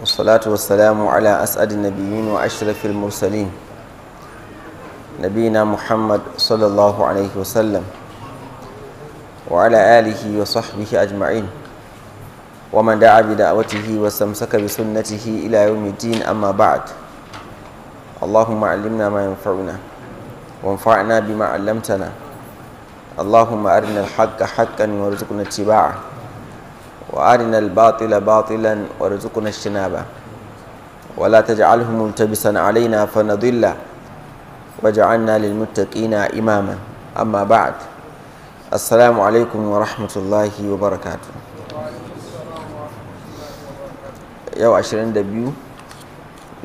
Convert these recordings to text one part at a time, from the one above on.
والصلاة والسلام على أسعد النبيين وأشرف المرسلين نبينا محمد صلى الله عليه وسلم وعلى آله وصحبه أجمعين ومن دعا بدعوته واستمسك بسنته إلى يوم الدين أما بعد اللهم علمنا ما ينفعنا وانفعنا بما علمتنا اللهم أرنا الحق حقا وارزقنا اتباعه wa arina albatila batilan wa rizuku na shina ba wa la ta ja'alhu multa bi sana alai na dilla wa ja'an na lil muta ƙina imama amma ba a ta assalamu alaikum wa rahmatullahi wa barakatu yau ashirin da biyu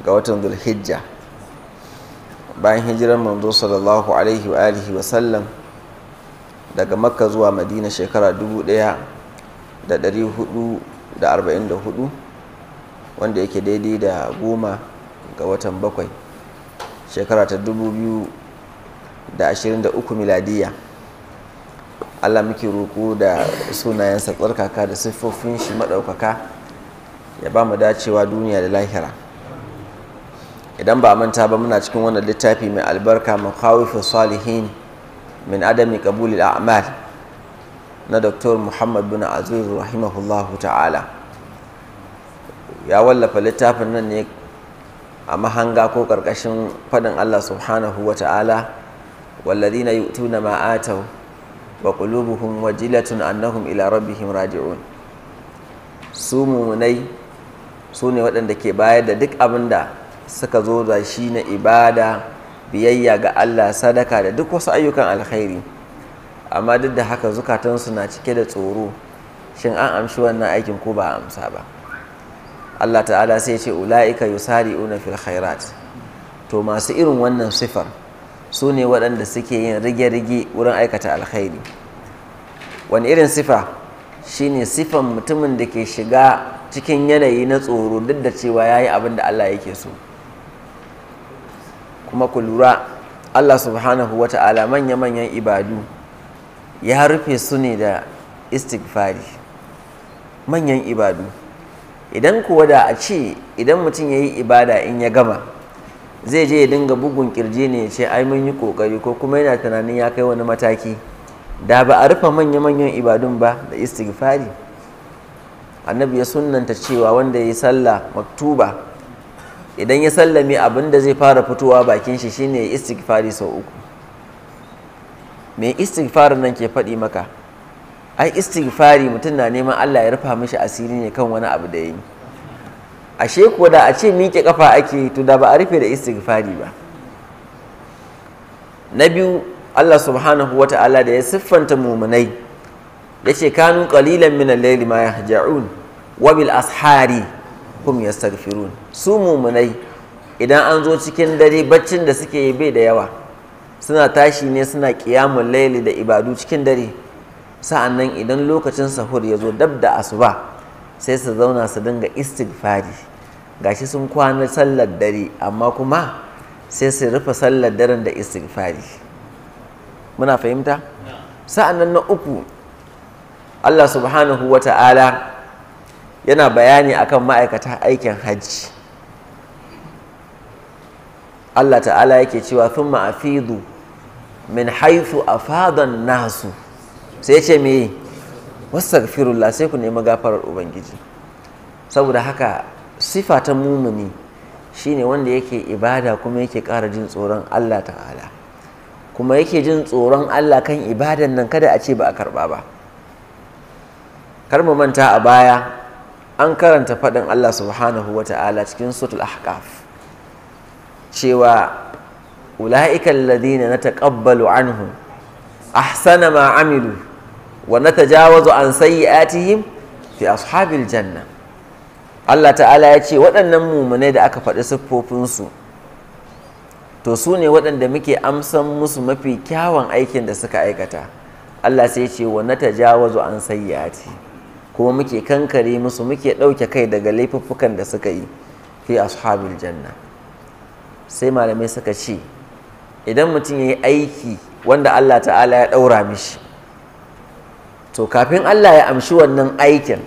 ga watan zul hijja bayan hijiran manzo sallallahu daga makka zuwa madina shekara dubu ɗaya. da ɗari hudu da arba'in da hudu wanda yake daidai da goma ga watan bakwai shekara ta dubu biyu da ashirin da uku miladiya allah muke roƙo da sunayensa tsarkaka da siffofin shi maɗaukaka ya ba mu dacewa duniya da lahira idan ba manta ba muna cikin wannan littafi mai albarka makawifin salihin min adami kabulil a'mal na Dr. Muhammad bin Azur rahimahullahu ta'ala ya wallafa littafin nan ne a mahanga ko ƙarƙashin faɗin Allah subhanahu wa ta'ala wallazina yu'tuna ma ataw wa qulubuhum wajilatun annahum ila rabbihim raji'un su mumunai su ne waɗanda ke bayar da duk abin da suka zo da shi na ibada biyayya ga Allah sadaka da duk wasu ayyukan alkhairi amma duk da haka zukatansu na cike da tsoro shin an amshi wannan aikin ko ba a amsa ba Allah ta'ala sai ce ula'ika yusari'una fil khairat to masu irin wannan sifar su ne waɗanda suke yin rige-rige wurin aikata alkhairi wani irin sifa shi ne sifan mutumin da ke shiga cikin yanayi na tsoro duk da cewa ya yi abin da Allah yake so kuma ku lura Allah subhanahu wa ta'ala manya-manyan ibadu ya rufe su ne da istighfari manyan ibadu idan kuwa da a ce idan mutum ya yi ibada in ya gama zai je ya dinga bugun kirji ne ya ce ai mun yi kokari ko kuma yana tunanin ya kai wani mataki da ba a rufe manya-manyan ibadun ba da istighfari annabi ya sunnanta cewa wanda ya yi sallah maktuba idan ya sallami abin da zai fara fitowa bakin shi shine istighfari sau uku me istighfarin nan ke faɗi maka ai istighfari mutum na neman Allah ya rufa mishi asiri ne kan wani abu da yi ashe kuwa da a ce miƙe ƙafa ake to da ba a rufe da istighfari ba na biyu Allah subhanahu wa ta'ala da ya siffanta mumunai ya ce kanu qalilan min al ma yahja'un wa bil ashari hum yastaghfirun su mumunai idan an zo cikin dare baccin da suke yi bai da yawa suna tashi ne suna ƙiyamun laili da ibadu cikin dare sa'annan idan lokacin sahur ya zo dab da asuba sai su zauna su dinga istighfari gashi sun kwana sallar dare amma kuma sai su rufe sallar daren da istighfari muna fahimta sa'annan na uku Allah subhanahu wa ta'ala yana bayani akan ma'aikata aikin hajji Allah ta'ala yake cewa sun ma'afidu min a fadon nasu sai ce me wastaghfirullah sai ku nemi gafarar ubangiji saboda haka sifa ta mumuni shine wanda yake ibada kuma yake kara jin tsoron Allah ta'ala kuma yake jin tsoron Allah kan ibadan nan kada a ce ba a karba ba kar mu manta a baya an karanta faɗin Allah subhanahu wa ta'ala cikin sutul ahqaf cewa ula'ikan ladina na taƙabbalu anhu ahsana ma amilu wa na tajawazu an sayi sayyi'atihim fi ashabil janna Allah ta'ala ya ce waɗannan mummunai da aka faɗi siffofinsu to su ne waɗanda muke amsan musu mafi kyawun aikin da suka aikata Allah sai ce wa na tajawazu an sayyati kuma muke kankare musu muke ɗauke kai daga laifuffukan da suka yi fi ashabil janna sai malamai suka ce idan mutum ya yi aiki wanda Allah ta'ala ya ɗaura mishi to kafin Allah ya amshi wannan aikin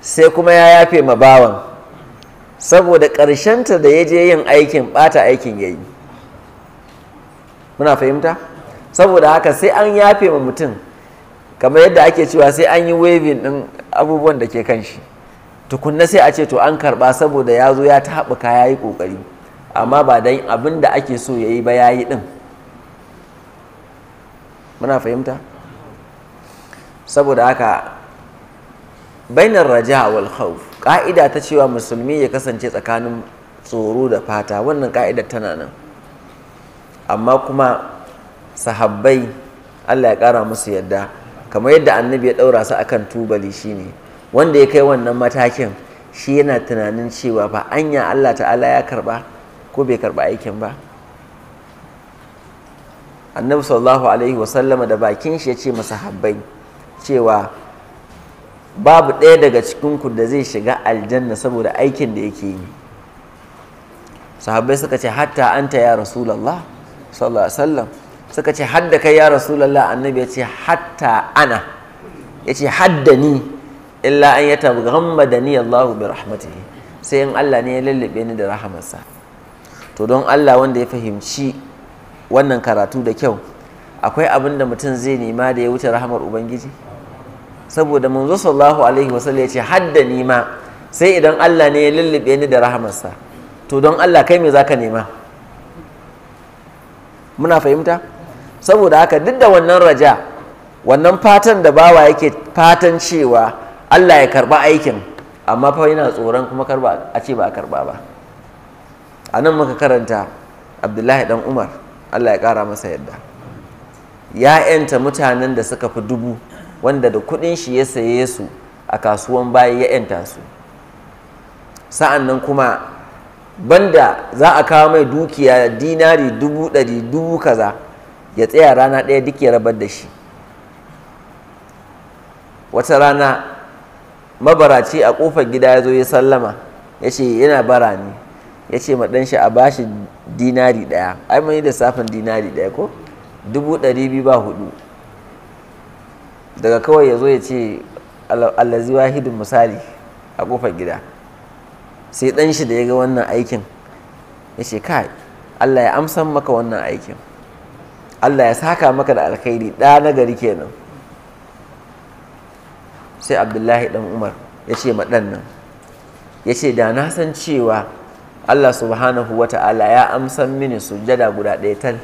sai kuma ya yafe ma bawan saboda ƙarshenta da ya je yin aikin ɓata aikin ya yi muna fahimta saboda haka sai an yafe ma mutum kamar yadda ake cewa sai an yi waving ɗin abubuwan da ke kan shi tukunna sai a ce to an karɓa saboda ya zo ya ta haɓuka ya yi ƙoƙari amma ba dan abin da ake so ya yi ba ya yi ɗin muna fahimta saboda haka bainar raja wal khawf ka'ida ta cewa musulmi ya kasance tsakanin tsoro da fata wannan ka'idar tana nan amma kuma sahabbai Allah ya ƙara musu yadda kamar yadda annabi ya ɗaura su akan tubali shine wanda ya kai wannan matakin shi yana tunanin cewa ba anya Allah ta'ala ya karba ko bai karɓi aikin ba annabi sallallahu alaihi wasallama da bakin shi ya ce habbai cewa babu ɗaya daga cikinku da zai shiga aljanna saboda aikin da yake yi sahabbai suka ce hatta anta ya rasulallah sallallahu alaihi wasallam suka ce hadda kai ya rasulallah annabi ya ce hatta ana ya ce hadda ni illa an yata ghamma da ni allahu bi rahmatihi sai in Allah ne ya lallabe ni da rahamarsa to don Allah wanda ya fahimci wannan karatu da kyau akwai abin da mutum zai nema da ya wuce rahamar ubangiji saboda manzo sallallahu alaihi wasallam ya ce hadda nima sai idan Allah ne ya lullube ni da rahamarsa to don Allah kai me zaka nema muna fahimta saboda haka duk da wannan raja wannan fatan da bawa yake fatan cewa Allah ya karba aikin amma fa yana tsoron kuma karba a ce ba a karba ba a nan muka karanta abdullahi dan umar allah ya kara masa yadda ya yanta mutanen da suka fi dubu wanda da kudin shi ya saye su a kasuwan bayi ya yanta su sa'an nan kuma banda za a kawo mai dukiya dinari dubu ɗari dubu kaza ya tsaya rana ɗaya duk ya rabar da shi wata rana mabaraci a ƙofar gida ya zo ya sallama ya ce yana bara ne ya ce ma shi a bashi dinari ɗaya ai mun yi safin dinari ɗaya ko dubu ɗari biyu ba hudu daga kawai ya zo ya ce allazi wahidin misali a kofar gida sai shi da ya ga wannan aikin ya ce kai allah ya amsa maka wannan aikin allah ya saka maka da alkhairi ɗa na gari kenan sai abdullahi ɗan umar ya ce ma ɗan nan ya ce da na san cewa Allah subhanahu wa ta'ala ya amsan mini sujada guda ɗaya tal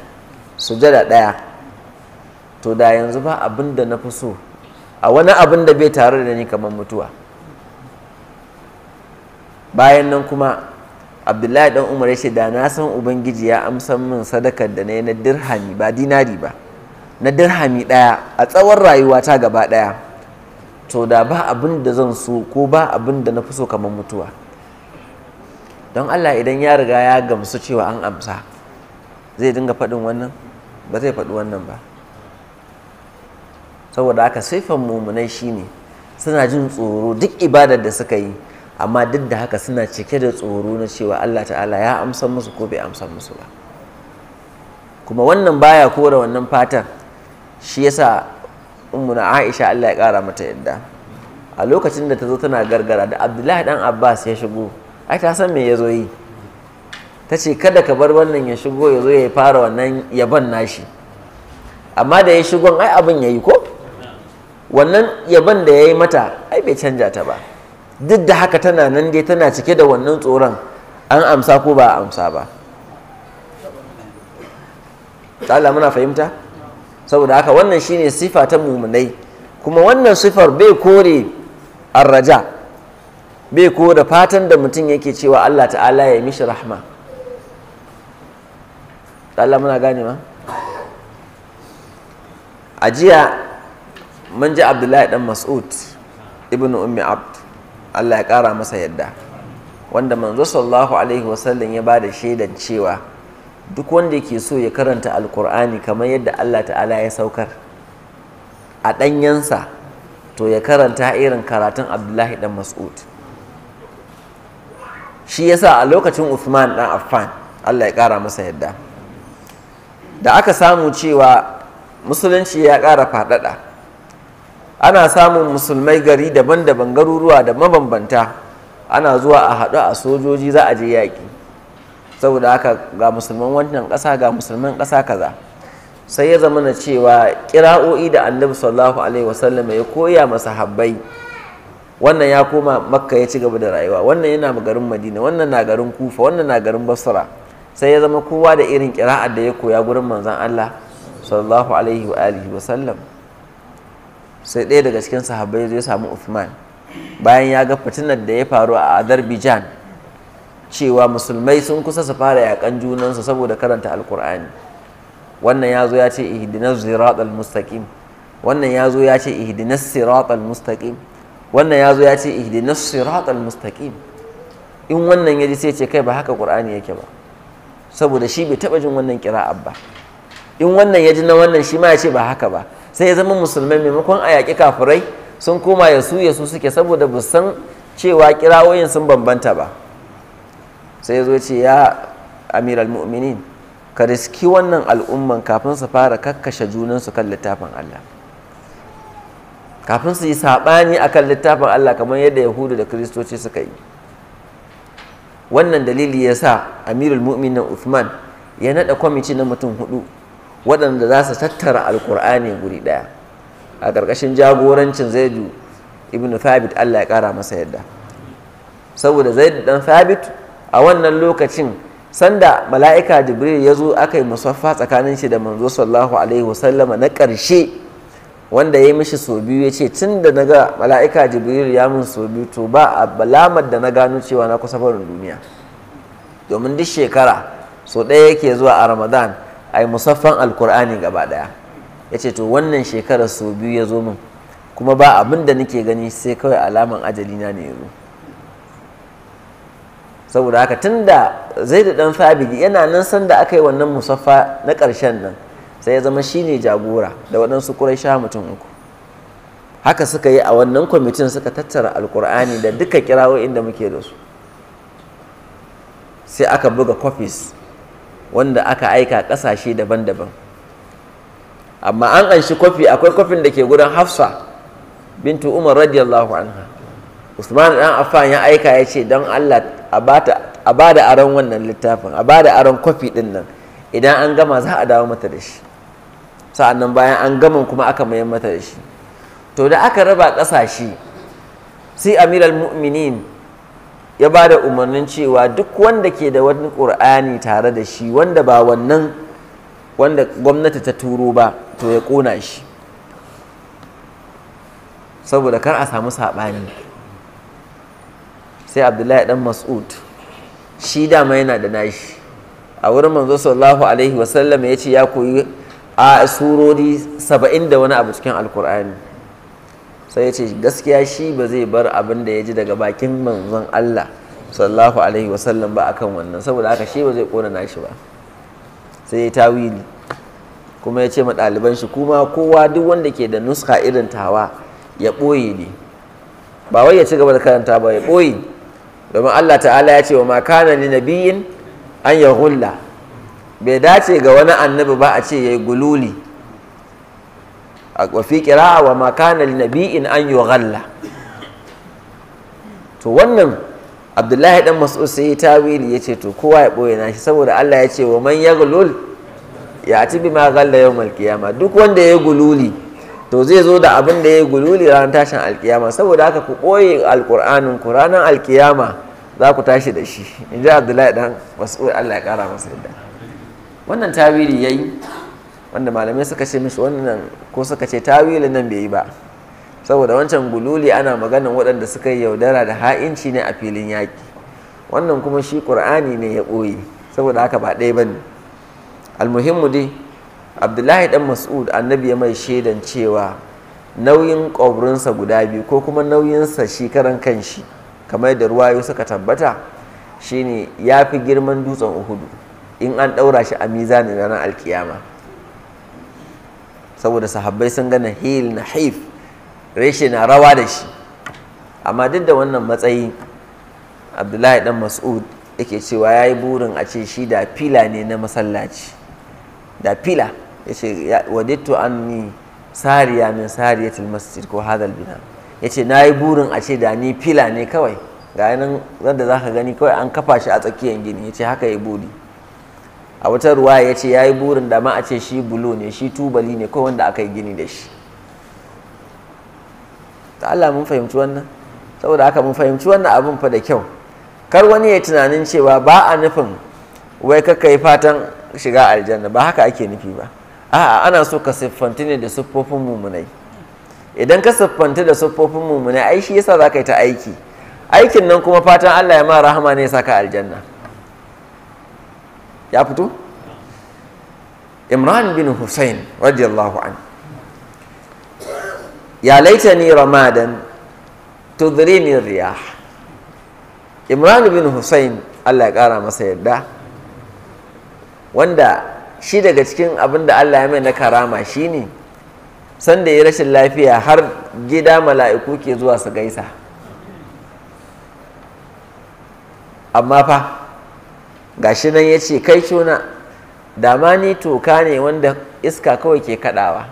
sujada ɗaya to da yanzu ba abin da na fi so a wani abin da bai tare da ni kamar mutuwa bayan nan kuma abdullahi dan umar ya ce da na san ubangiji ya amsan min sadakar da na yi na dirhami ba dinari ba na dirhami ɗaya a tsawon rayuwa ta gaba ɗaya to da ba abin da zan so ko ba abin da na fi so kamar mutuwa don Allah idan ya riga ya gamsu cewa an amsa zai dinga faɗin wannan ba zai faɗi wannan ba saboda haka mummunai mumunai shine suna jin tsoro duk ibadar da suka yi amma duk da haka suna cike da tsoro na cewa Allah ta'ala ya amsa musu ko bai amsa musu ba kuma wannan baya kore wannan fatan shi yasa ummuna Aisha Allah ya kara mata yadda a lokacin da ta zo tana gargara da Abdullahi dan Abbas ya shigo ai ka san me ya zo yi ta ce kada ka bar wannan ya shigo ya zo ya fara wannan yabon nashi amma da ya shigon ai abin ya yi ko wannan yabon da ya yi mata ai bai canja ta ba duk da haka tana nan dai tana cike da wannan tsoron an amsa ko ba a amsa ba tsala muna fahimta saboda haka wannan shine sifa ta mumunai kuma wannan sifar bai kore arraja bai ko da fatan da mutum yake cewa Allah ta'ala ya mishi rahma Allah muna gane ma a jiya mun ji abdullahi dan mas'ud ibnu ummi abd Allah ya kara masa yadda wanda manzo sallallahu alaihi wasallam ya bada shaidan cewa duk wanda yake so ya karanta alkur'ani kamar yadda Allah ta'ala ya saukar a ɗanyensa to ya karanta irin karatun abdullahi dan mas'ud shi yasa a lokacin Uthman dan Affan Allah ya kara masa yadda da aka samu cewa musulunci ya kara faɗaɗa ana samun musulmai gari daban-daban garuruwa da mabambanta ana zuwa a haɗu a sojoji za a je yaƙi saboda haka ga musulman wannan ƙasa ga musulman ƙasa kaza sai ya zama na cewa kira'o'i da annabi sallallahu alaihi wasallam ya koya masa habbai wannan ya koma makka ya ci gaba da rayuwa wannan yana garin madina wannan na garin kufa wannan na garin basra sai ya zama kowa da irin kira'ar da ya koya gurin manzan Allah sallallahu alaihi wa alihi wa sallam sai ɗaya daga cikin sahabbai zai samu Uthman bayan ya ga fitinar da ya faru a Azerbaijan cewa musulmai sun kusa su fara yakan junansu saboda karanta alkur'ani wannan ya zo ya ce ihdinas siratal mustaqim wannan ya zo ya ce ihdinas siratal mustaqim wannan ya zo ya ce ihdinas siratal mustaqim in wannan ya ji sai ce kai ba haka qur'ani yake ba saboda shi bai taba jin wannan kira'a ba in wannan ya ji na wannan shi ma ya ce ba haka ba sai ya zama musulmai maimakon a yaƙi kafirai sun koma ya su ya su suke saboda ba san cewa kirawoyin sun bambanta ba sai ya zo ce ya amiral mu'minin ka riski wannan al'umman kafin su fara kakkashe junansu kan littafin Allah kafin su yi saɓani a kan littafin Allah kamar yadda yahudu da kiristoci suka yi wannan dalili ya sa amirul mu'minin uthman ya naɗa kwamiti na mutum hudu waɗanda za su tattara alkur'ani guri ɗaya a ƙarƙashin jagorancin zaidu ibn thabit allah ya ƙara masa yadda saboda zaidu ɗan thabit a wannan lokacin sanda mala'ika jibril ya zo aka yi musaffa tsakanin shi da manzo sallallahu alaihi wasallama na ƙarshe wanda ya yi mishi so biyu ya ce tun da na ga mala'ika jibril ya mun so biyu to ba a balamar da na gano cewa na kusa barin duniya domin duk shekara so ɗaya yake zuwa a ramadan a yi musaffan alkur'ani gaba ɗaya ya ce to wannan shekarar so biyu ya zo min kuma ba abin da nake gani sai kawai alaman ajali na ne yanzu saboda haka tun da zai da ɗan fabi yana nan sanda aka yi wannan musaffa na ƙarshen nan sai ya zama shine jagora da waɗansu sha mutum uku haka suka yi a wannan kwamitin suka tattara alkur'ani da duka kirawo inda muke da su sai aka buga kwafis wanda aka aika ƙasashe daban-daban amma an anshi kwafi akwai kwafin da ke gudan hafsa bintu umar radiyallahu anha usman dan affan ya aika ya ce don allah a ba da aron wannan littafin a ba da aron kwafi din nan idan an gama za a dawo mata da shi sa'annan bayan an gama kuma aka mayan mata da shi to da aka raba ƙasashe sai al mu'minin ya ba da umarnin cewa duk wanda ke da wani ƙur'ani tare da shi wanda ba wannan wanda gwamnati ta turo ba to ya ƙona shi saboda kar a samu saɓani sai abdullahi dan mas'ud shi dama yana da nashi a wurin manzo sallallahu alaihi wasallam ya ce ya koyi a surori saba'in da wani abu cikin alkur'ani sai ya ce gaskiya shi ba zai bar abin da ya ji daga bakin manzon Allah sallallahu alaihi wasallam ba akan wannan saboda haka shi ba zai kona nashi ba sai ya tawili kuma ya ce ma ɗaliban shi kuma kowa duk wanda ke da nuska irin tawa ya ɓoye ne ba wai ya ci gaba da karanta ba ya ɓoye domin Allah ta'ala ya ce wa makana ni nabiyin an ya hulla bai dace ga wani annabi ba a ce ya yi gululi a fi kira wa makanar nabi'in linabi'in an ghalla to wannan abdullahi dan mas'u sai ya tawili ya ce to kowa ya ɓoye na shi saboda Allah ya ce wa man ya gulul ya ci bi ma ghalla yau malkiyama duk wanda ya yi gululi to zai zo da abin da ya gululi ranar tashin alkiyama saboda haka ku boye alkur'anin ku ranar alkiyama za ku tashi da shi in ji abdullahi dan mas'ud Allah ya kara masa yadda wannan tawili ya yi wanda malamai suka ce mishi wannan ko suka ce tawili nan bai yi ba saboda wancan gululi ana maganan waɗanda suka yi yaudara da ha'inci ne a filin yaƙi wannan kuma shi ƙur'ani ne ya ɓoye saboda haka ba ɗaya ba ne almuhimmu dai abdullahi dan mas'ud annabi ya mai shaidan cewa nauyin ƙwabrinsa guda biyu ko kuma nauyinsa shi karan kanshi kamar da ruwayo suka tabbata shine ya fi girman dutsen uhudu in an ɗaura shi a mizanin ranar alkiyama saboda sahabbai sun gana hil na haif reshe na rawa da shi amma duk da wannan matsayi abdullahi dan mas'ud yake cewa ya yi burin a ce shi da fila ne na masallaci da fila ya ce wadittu an ni sariya min sariyatul masjid ko hadal bina ya ce na yi burin a ce da ni fila ne kawai ga nan da za ka gani kawai an kafa shi a tsakiyar gini ya ce haka ya buri a wata ruwa ya ce ya yi burin da ma a ce shi bulo ne shi tubali ne kawai wanda aka yi gini da shi ta Allah mun fahimci wannan saboda haka mun fahimci wannan abin fa da kyau kar wani ya tunanin cewa ba a nufin wai kaka yi fatan shiga aljanna ba haka ake nufi ba a'a ana so ka siffanti ne da siffofin mumunai idan ka siffanti da siffofin mumunai ai shi yasa za ka yi ta aiki aikin nan kuma fatan Allah ya ma rahama ne ya saka aljanna ya fito imran bin hussein radiyallahu an ya ni ramadan tudrini riyah imran bin hussein allah ya kara masa yadda wanda shi daga cikin abin da allah ya mai na karama shi ne sanda ya rashin lafiya har gida mala'iku ke zuwa su gaisa amma fa gashi nan ya ce kai cuna da ma ni toka ne wanda iska kawai ke kadawa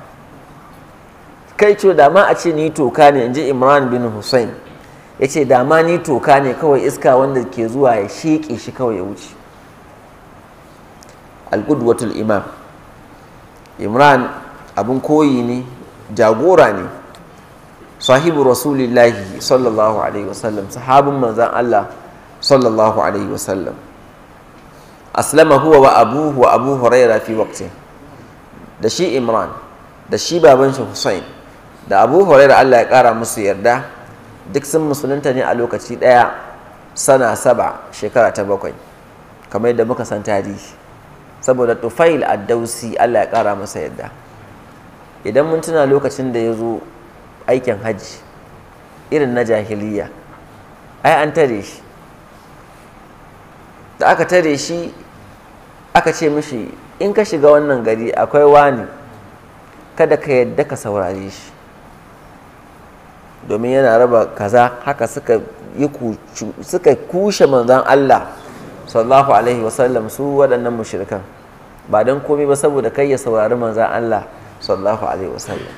kai cuna da ma a ce ni toka ne in ji imran bin hussein ya ce da ma ni toka ne kawai iska wanda ke zuwa ya shiƙe shi kawai ya wuce alƙudwatul imam imran abin koyi ne jagora ne sahibu rasulillahi sallallahu alaihi wasallam sahabin manzan allah sallallahu alaihi wasallam aslama huwa wa abuhu wa abu huraira fi waqtin da shi imran da shi baban shi hussain da abu huraira Allah ya kara musu yarda duk sun musulunta ne a lokaci daya sana saba shekara ta bakwai kamar yadda muka san tarihi saboda tufail ad-dausi Allah ya kara masa yarda idan mun tuna lokacin da ya zo aikin hajji irin na jahiliya ai an tare shi da aka tare shi aka ce mishi in ka shiga wannan gari akwai wani kada ka yadda ka saurare shi domin yana raba kaza haka suka yi suka kushe manzon Allah sallallahu alaihi wasallam su waɗannan mushrikan ba don komai ba saboda kai ya saurari manzon Allah sallallahu alaihi wasallam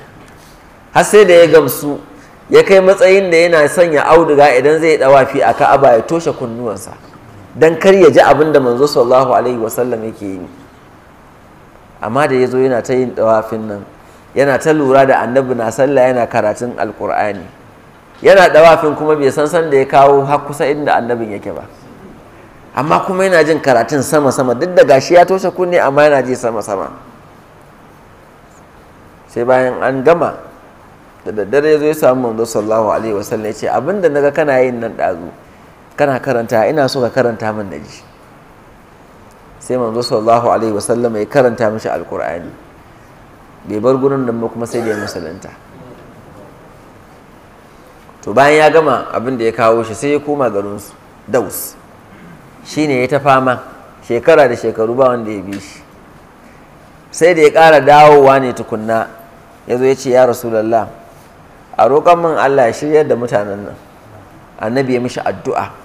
har sai da ya gamsu ya kai matsayin da yana sanya auduga idan zai dawafi a Ka'aba ya toshe kunnuwansa Don kar ya ji abin da manzo sallallahu alaihi wasallam yake yi amma da ya zo yana ta yin dawafin nan yana ta lura da annabi na sallah yana karatun alkur'ani yana dawafin kuma bai san san da ya kawo har kusa inda annabin yake ba amma kuma yana jin karatun sama sama duk da gashi ya toshe kunne amma yana ji sama sama sai bayan an gama da daddare ya zo ya samu manzo sallallahu alaihi wasallam ya ce abinda naga kana yin nan dazu kana karanta ina so ka karanta min ji sai manzo sallallahu alaihi wasallam ya karanta mishi alkur'ani bai bar gurin nan ba kuma sai da ya musulunta to bayan ya gama abin da ya kawo shi sai ya koma garin su daus shine ya ta fama shekara da shekaru ba wanda ya bi shi sai da ya kara dawowa ne tukunna ya zo ya ce ya rasulallah a roƙon min Allah ya shirya da mutanen nan annabi ya mishi addu'a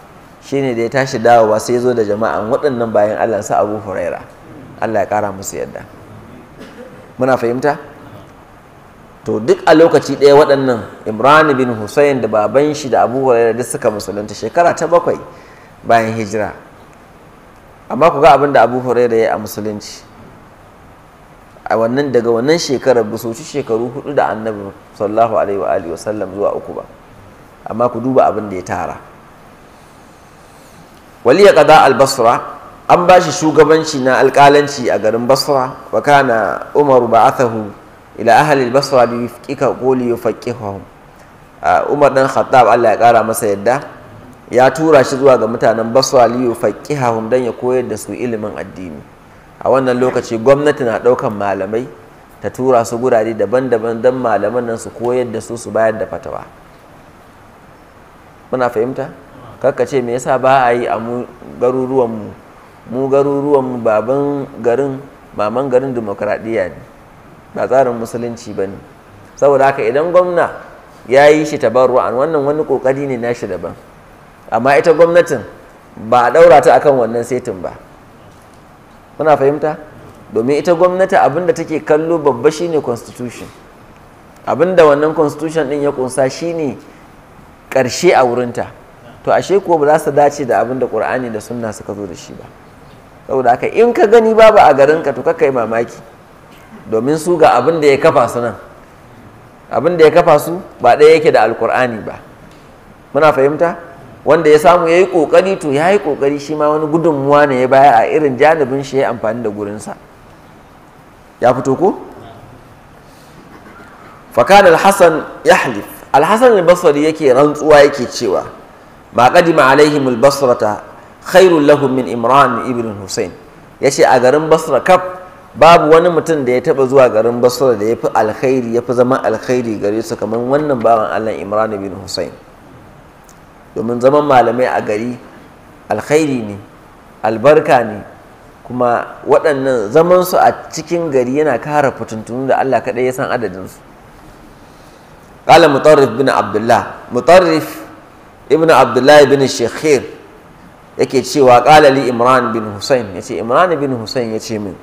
ne da ya tashi dawowa sai zo da jama'a waɗannan bayan Allah sa Abu Huraira Allah ya ƙara musu yadda muna fahimta to duk a lokaci ɗaya waɗannan Imran bin Husayn da baban shi da Abu Huraira duk suka musulunta shekara ta bakwai bayan hijira amma ku ga abin da Abu Huraira ya yi a musulunci a wannan daga wannan shekarar ba su shekaru hudu da annabi sallallahu alaihi wa alihi zuwa uku ba amma ku duba abin da ya tara waliya qada albasra an ba shi shugabanci na alƙalanci a garin basra wa kana umar ba'athahu ila ahli al-basra yufqika yufaqihum umar dan khattab Allah ya kara masa yadda ya tura shi zuwa ga mutanen basra li yufaqihum dan ya koyar da su ilimin addini a wannan lokaci gwamnati na ɗaukan malamai ta tura su gurare daban-daban don malaman nan su koyar da su su bayar da fatawa muna fahimta kakka ce me yasa ba a yi a mu garuruwan mu garuruwanmu baban garin maman garin demokradiyya ne ba tsarin musulunci ba ne saboda haka idan gwamna ya yi shi ta wannan wani kokari ne na shi daban amma ita gwamnatin ba a ɗaura ta akan wannan setin ba muna fahimta domin ita gwamnati abin da take kallo babba shine constitution da wannan constitution din ya kunsa shine ƙarshe a wurinta to ashe kuwa ba za su dace da abin da qur'ani da sunna suka zo da shi ba saboda haka in ka gani babu a garinka to kai mamaki domin su ga abin da ya kafa su nan abin da ya kafa su ba ɗaya yake da alkur'ani ba muna fahimta wanda ya samu ya yi ƙoƙari to ya yi ƙoƙari shi ma wani gudunmuwa ne ya baya a irin janibin shi ya amfani da gurinsa ya fito ko fakan alhassan ya halif al-basri yake rantsuwa yake cewa ba qadima alaihim albasrata khairul lahum min imran ibn husayn yace a garin basra kaf babu wani mutum da ya taba zuwa garin basra da yafi alkhairi yafi zama alkhairi gare su kamar wannan bawan Allah imran ibn husayn domin zaman malamai a gari alkhairi ne albarka ne kuma waɗannan zaman su a cikin gari yana kara fitintunu da Allah kaɗai ya san adadinsu مطرف بن bin abdullah مطرف ibnu abdullahi bin shekhir yake cewa ƙalali imran bin ya ce imran bin ya ce min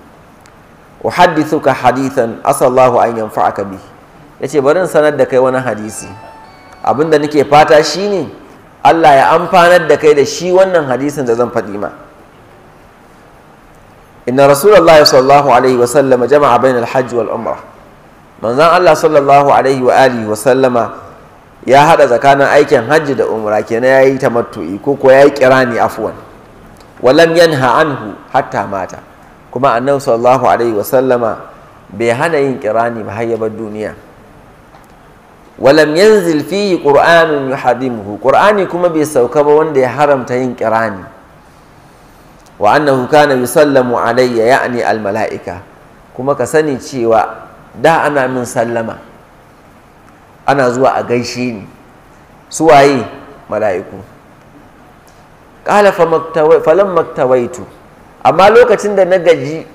ka hadithan asallahu an yanfa'aka bi ce bari in sanar da kai wani hadisi abinda nake fata shine Allah ya amfanar da kai da shi wannan hadisin da zan faɗi ma inna rasulullahi sallallahu alaihi wa sallama jama'a bainal hajji wal umrah manzon Allah sallallahu alaihi wa alihi wa sallama ya hada tsakanin aikin hajji da umra kenan ya yi tamattu'i ko ko ya yi kirani afuwan. walam yanha anhu hatta mata kuma annabi sallallahu alaihi wasallama bai hana yin kirani ba har ya duniya walam yanzil fihi qur'anun yuhadimuhu qur'ani kuma bai sauka ba wanda ya haramta yin kirani wa annahu kana yusallamu alayya ya'ni al mala'ika kuma ka sani cewa da ana min sallama ana zuwa a gaishe ni su waye mala'iku qala falon maktawaitu amma lokacin da na gaji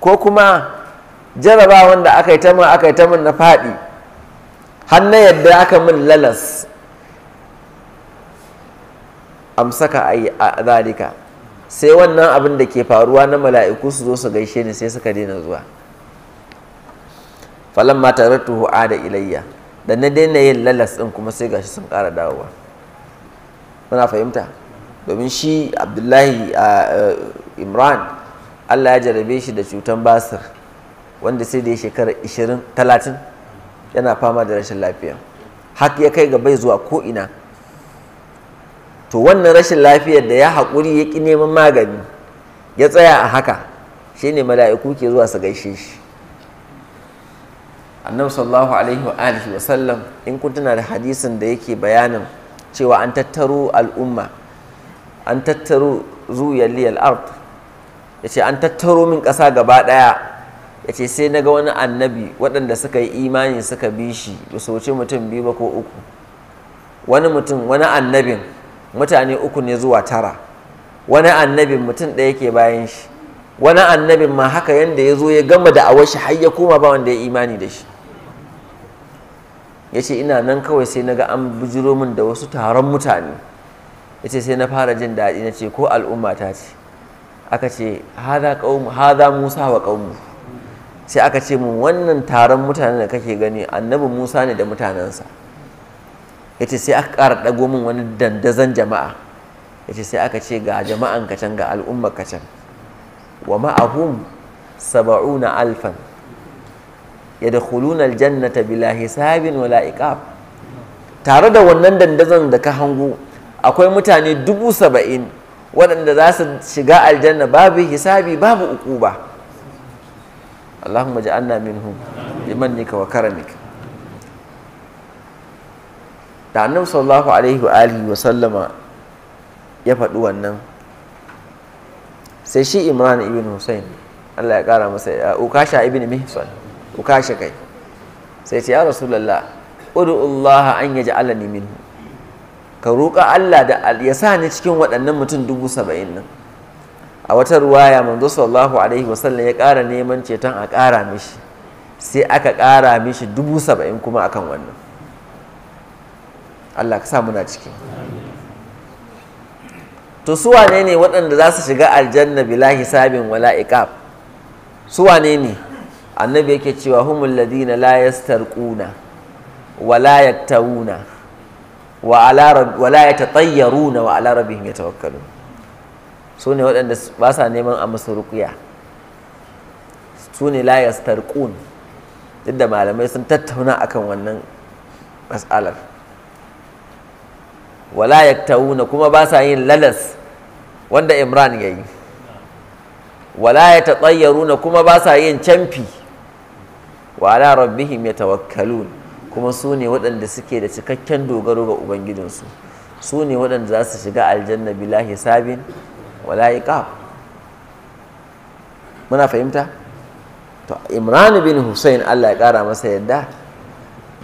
ko kuma jarabawan da aka yi ta min aka yi ta min na faɗi har na yadda aka min lalas amsaka a zalika sai wannan abin da ke faruwa na mala'iku su zo su gaishe ni sai suka daina zuwa falamma a da ilayya da na daina yin lalas ɗin kuma sai gashi sun ƙara dawowa muna fahimta domin shi abdullahi imran allah ya jarabe shi da cutan basir wanda sai da ya shekara 20 30 yana fama da rashin lafiya hak ya kai ga bai zuwa ko'ina to wannan rashin lafiyar da ya haƙuri ya ƙi neman magani ya tsaya a haka ne mala'iku ke zuwa su gaishe shi annabi sallallahu alaihi wa alihi wa in kun tana da hadisin da yake bayanin cewa an tattaro al'umma an tattaro zuyar liyal ard ya ce an tattaro min ƙasa gaba ɗaya ya ce sai na ga wani annabi waɗanda suka yi imani suka bi shi da sauce mutum biyu ba ko uku wani mutum wani annabin mutane uku ne zuwa tara wani annabin mutum ɗaya ke bayan shi wani annabin ma haka yanda ya zo ya gama da a shi har ya koma ba wanda ya imani da shi ya ce ina nan kawai sai na ga an bujiro min da wasu taron mutane ya ce sai na fara jin daɗi na ce ko al'umma ta ce aka ce haza musa wa ƙaunmu sai aka ce mun wannan taron mutane da kake gani annabi musa ne da mutanensa ya ce sai aka ƙara ɗago min wani dandazan jama'a ya ce sai aka ce ga jama'an kacan ga al'umma kacan wa ma'ahum saba'una alfan yadkhuluna aljannata bila hisabin wala iqab tare da wannan dandazon da ka hango akwai mutane dubu saba'in waɗanda za su shiga aljanna babu hisabi babu uquba Allahumma ja'alna minhum bimannika wa karamika da annabi sallallahu alaihi wa alihi wa sallama ya faɗi wannan sai shi imran ibn hussein Allah ya ƙara masa ya ukasha ibn mihsan ku kashe kai sai ce ya rasulullah Allah an yaj'alani minhu ka roƙa Allah da ya sa ni cikin waɗannan mutum dubu saba'in nan a wata ruwaya manzo sallallahu alaihi wasallam ya ƙara neman ceton a ƙara mishi sai aka ƙara mishi dubu saba'in kuma akan wannan Allah ka sa muna ciki to su wane ne waɗanda za su shiga aljanna bilahi sabin wala iqab su wane ne annabi yake cewa humul ladina la yastarquna wa la yaktawuna wa ala wa la yatatayyaruna wa ala rabbihim yatawakkalun su ne waɗanda ba sa neman a musu sune su ne la yastarqun duk da malamai sun tattauna akan wannan mas'alar wala yaktawuna kuma ba sa yin lalas wanda Imran yayi wala yatatayyaruna kuma ba sa yin camfi wa ala rabbihim yatawakkalun kuma su ne waɗanda suke da cikakken dogaro ga ubangijinsu su ne waɗanda za su shiga aljanna bila hisabin wala iqab muna fahimta to imran bin husayn Allah ya kara masa yadda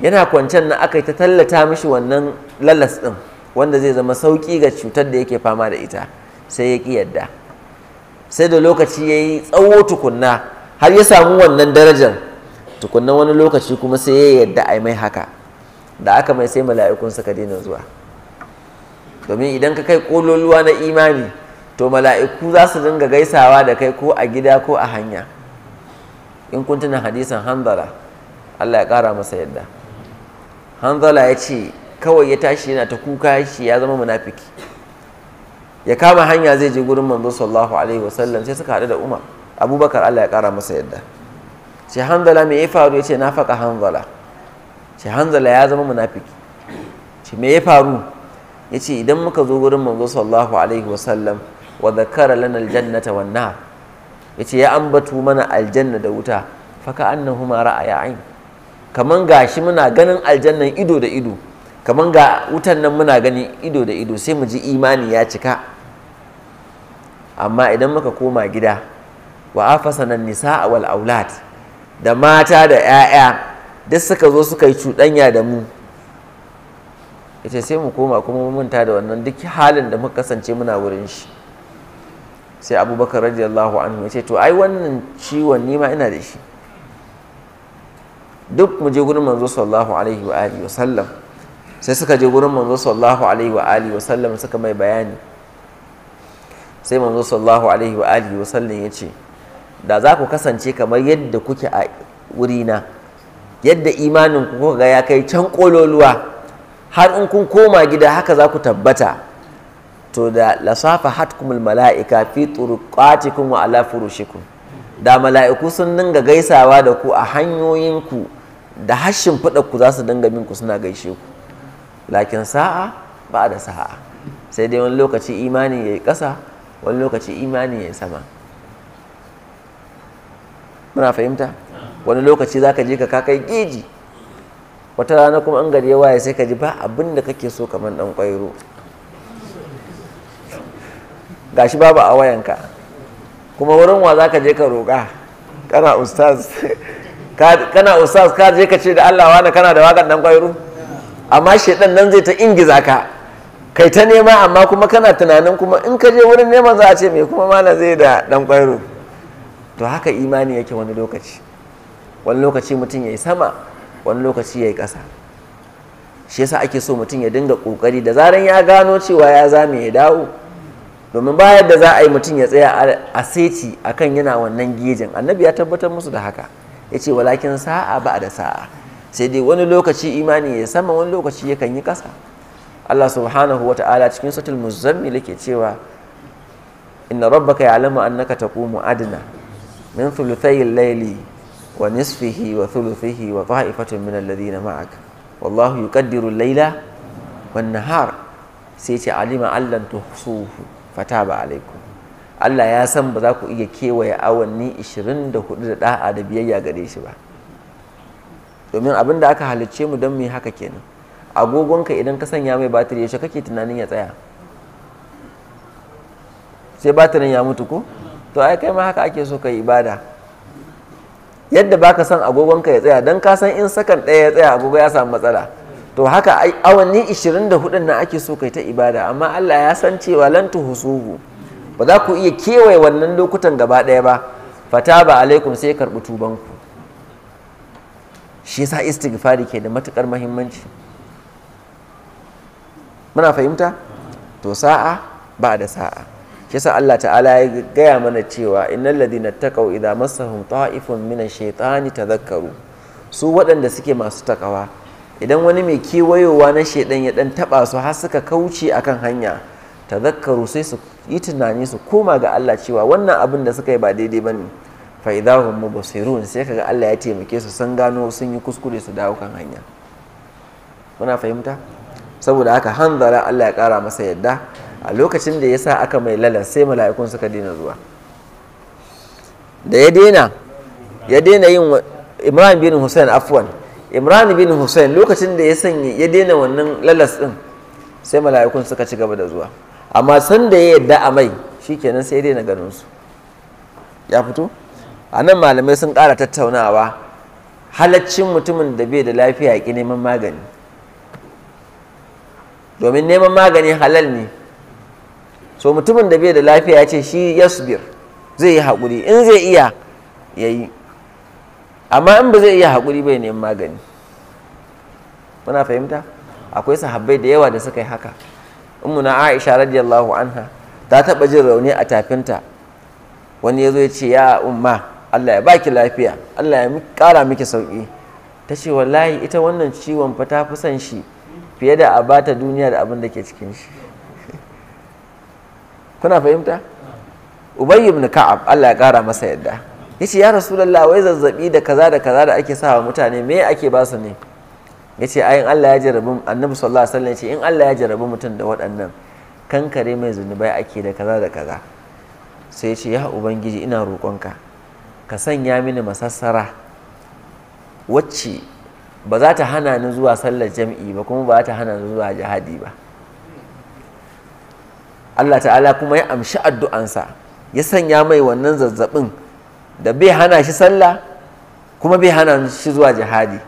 yana kwancen na aka ta tallata mishi wannan lalas ɗin wanda zai zama sauki ga cutar da yake fama da ita sai ya ki yadda sai da lokaci ya yi tsawo tukunna har ya samu wannan darajar tukunna wani lokaci kuma sai ya yadda a mai haka da aka mai sai mala'ikun suka daina zuwa domin idan ka kai kololuwa na imani to mala'iku za su dinga gaisawa da kai ko a gida ko a hanya in kun tuna hadisan hanzala Allah ya kara masa yadda hanzala ya ce kawai ya tashi yana ta kuka shi ya zama munafiki ya kama hanya zai je gurin manzo sallallahu alaihi wasallam sai suka haɗu da umar abubakar Allah ya kara masa yadda ce hanzala me ya faru ya ce na faka hanzala ce hanzala ya zama munafiki ce me ya faru ya ce idan muka zo wurin manzo sallallahu alaihi wasallam wa zakara lana aljannata wan nar ya ce ya ambatu mana aljanna da wuta faka annahuma ra'aya ain kaman gashi muna ganin aljannan ido da ido kaman ga wutan nan muna gani ido da ido sai mu ji imani ya cika amma idan muka koma gida wa afasanan nisa wal aulad da mata da 'ya'ya duk suka zo suka yi cuɗanya da mu ita sai mu koma kuma mu manta da wannan duk halin da muka kasance muna wurin shi sai abubakar radiyallahu anhu ya ce to ai wannan ciwon ni ma ina da shi duk mu je gurin manzo sallallahu alaihi wa alihi wa sallam sai suka je gurin manzo sallallahu alaihi wa alihi wa sallam suka mai bayani sai manzo sallallahu alaihi wa alihi wa sallam ya ce da za ku kasance kamar yadda kuke a wurina yadda imanin ku kuka ga ya kai can kololuwa har in kun koma gida haka za ku tabbata to da lasafa hatkumul mala'ika fi turqatikum wa ala furushikum da mala'iku sun dinga gaisawa da ku a hanyoyin ku da hashin ku za su dinga ku suna gaishe ku lakin sa'a ba da sa'a sai dai wani lokaci imani ya yi ƙasa wani lokaci imani yayi sama muna fahimta wani lokaci za ka je ka kai geji wata rana kuma an gari waye sai ka ji ba abin da kake so kamar dan kwairo gashi babu a wayanka kuma wurin wa za ka je ka roƙa kana ustaz kana ustaz ka je ka ce da Allah wani kana da wakan dan kwairo amma shedan nan zai ta ingiza ka kai ta nema amma kuma kana tunanin kuma in ka je wurin neman za a ce me kuma mana zai da dan kwairo to haka imani yake wani lokaci wani lokaci mutum ya yi sama wani lokaci ya yi ƙasa shi yasa ake so mutum ya dinga ƙoƙari da zaran ya gano cewa ya zame ya dawo domin ba da za a yi mutum ya tsaya a seti akan yana wannan gejin annabi ya tabbatar musu da haka ya ce walakin sa'a ba da sa'a sai dai wani lokaci imani ya sama wani lokaci yakan yi ƙasa Allah subhanahu wa ta'ala cikin satul muzammil yake cewa inna rabbaka ya'lamu annaka taqumu adna min thuluthai al-layli wa nisfihi wa thuluthihi wa ta'ifatun min alladhina ma'ak wallahu yuqaddiru al laila wan har sai ce alima allan tuhsuhu fataba alaikum Allah ya san ba za ku iya kewaye awanni 24 da da'a da biyayya gare shi ba domin abin da aka halicce mu don mu yi haka kenan agogonka idan ka sanya mai batiri yaushe kake tunanin ya tsaya sai batirin ya mutu ko to ai kai ma haka ake so ka yi ibada yadda baka son agogonka ya tsaya don ka san in sakan ɗaya ya tsaya agogo ya samu matsala to haka awanni 24 na ake so kai ta ibada amma Allah ya san cewa lan tuhusuhu ba za ku iya kewaye wannan lokutan gaba ɗaya ba fata ba alaikum sai karɓi ku shi yasa istighfari ke da matukar muhimmanci muna fahimta to sa'a ba da sa'a yasa Allah ta'ala ya gaya mana cewa innal ladina taqaw idza massahum ta'ifun minash shaitani tadhakkaru su waɗanda suke masu takawa idan wani mai kewayowa na shaidan ya dan taɓa su har suka kauce akan hanya tadhakkaru sai su yi tunani su koma ga Allah cewa wannan abin da suka yi ba daidai bane fa idahum mubsirun sai ga Allah ya taimake su sun gano sun yi kuskure su dawo kan hanya muna fahimta saboda haka hanzara Allah ya kara masa yadda a lokacin da ya sa aka mai lalar sai mala'ikun suka daina zuwa da ya daina ya daina yin imran bin hussein afwan imran bin hussein lokacin da ya sanya ya daina wannan lalas din sai mala'ikun suka ci gaba da zuwa amma san da ya yadda a mai shi kenan sai ya daina ganin su ya fito a nan malamai sun kara tattaunawa halaccin mutumin da bai da lafiya ki neman magani domin neman magani halal ne to mutumin da bai da lafiya ya ce shi yasbir zai yi haƙuri in zai iya ya yi amma in ba zai iya haƙuri bai neman magani muna fahimta akwai sahabbai da yawa da suka yi haka ummuna aisha radiyallahu anha ta taɓa jin rauni a tafinta wani ya zo ya ce ya umma allah ya baki lafiya allah ya ƙara miki sauƙi ta ce wallahi ita wannan ciwon fa ta fi son shi fiye da a bata duniya da abin da ke cikin shi kuna fahimta ubay ibn ka'ab Allah ya kara masa yadda yace ya rasulullah wai zazzabi da kaza da kaza da ake sawa mutane me ake ba su ne yace ayin Allah ya jarabi annabi sallallahu alaihi wasallam yace in Allah ya jarabi mutum da waɗannan kankare mai zunubai ake da kaza da kaza sai yace ya ubangiji ina roƙonka ka sanya mini masassara wacce ba za ta hana ni zuwa sallar jam'i ba kuma ba za ta hana ni zuwa jihadi ba Allah ta'ala kuma ya amshi addu'ansa ya sanya mai wannan zazzabin da bai hana shi sallah kuma bai hana shi zuwa jihadi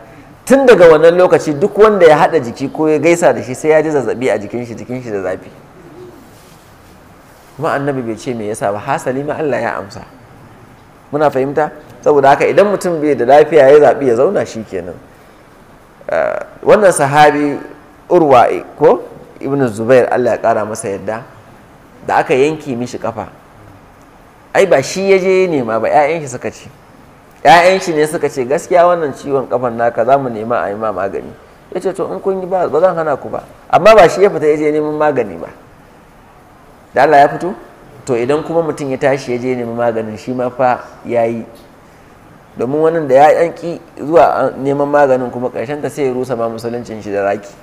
tun daga wannan lokaci duk wanda ya haɗa jiki ko ya gaisa da shi sai ya ji zazzabi a jikin shi jikin shi da zafi kuma annabi bai ce me yasa ba hasali ma Allah ya amsa muna fahimta saboda haka idan mutum bai da lafiya ya zabi ya zauna shi kenan eh, wannan sahabi urwa ko ibn zubair Allah ya kara masa yadda da aka yanke mishi kafa ai ba shi ya je nema ba 'ya'yan shi suka ce 'ya'yan shi ne suka ce gaskiya wannan ciwon kafan naka za mu nema a yi ma magani ya ce to in kun yi ba ba zan hana ku ba amma ba shi ya fita ya je neman magani ba da Allah ya fito to idan kuma mutum ya tashi ya je neman maganin shi ma fa ya yi domin wannan da ya yanki zuwa neman maganin kuma ƙarshen ta sai ya rusa ma musuluncin shi da raki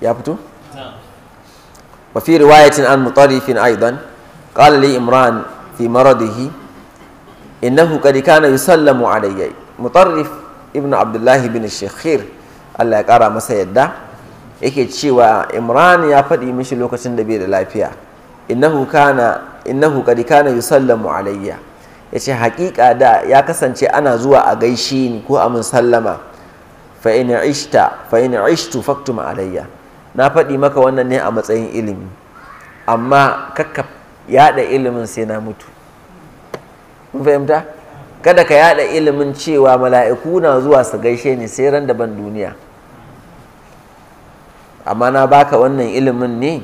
ya fito? وفي رواية عن مطرف أيضا قال لي إمران في مرضه إنه قد كان يسلم علي مطرف ابن عبد الله بن الشخير الله يقرأ ما سيدا yake cewa imran ya faɗi mishi lokacin da bai da lafiya innahu kana innahu qad kana yusallamu alayya yace haƙiƙa da ya kasance ana zuwa a gaishe ni ko a musallama sallama fa in ishta fa in ishtu faktum alayya na faɗi maka wannan ne a matsayin ilimi amma kakka yada ilimin sai na mutu mun fahimta kada ka yada ilimin cewa mala'iku na zuwa su gaishe ni sai ran da ban duniya amma na baka wannan ilimin ne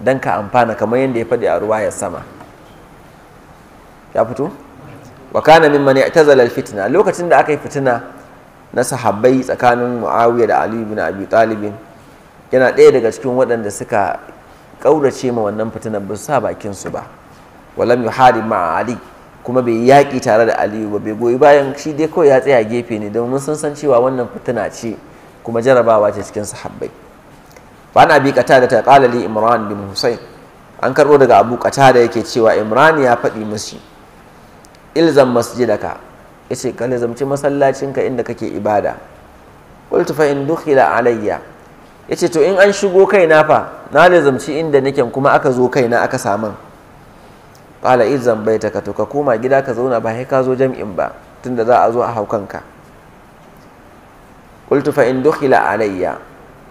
don ka amfana kamar yadda ya faɗi a ruwa ya sama ya fito wa kana mimman i'tazala al-fitna lokacin da aka yi fitina na sahabbai tsakanin Muawiya da Ali ibn Abi Talib yana ɗaya daga cikin waɗanda suka ƙaurace ma wannan fitinar ba su sa su ba walam yuhari ma ali kuma bai yaƙi tare da aliyu ba bai goyi bayan shi dai kawai ya tsaya gefe ne don mun san san cewa wannan fitina ce kuma jarabawa ce cikin sahabbai ba na bi kata da ta li imran bin husain an karɓo daga abu kata da yake cewa imran ya faɗi musu ilzam masjidaka yace ka masallacin masallacinka inda kake ibada qultu fa in dukhila alayya ya ce to in an shigo kaina fa na lazamci inda nake kuma aka zo kaina aka samu. ƙala izan bai ta to ka koma gida ka zauna ba ka zo jam'in ba tunda za a zo a haukanka qultu fa in dukila alayya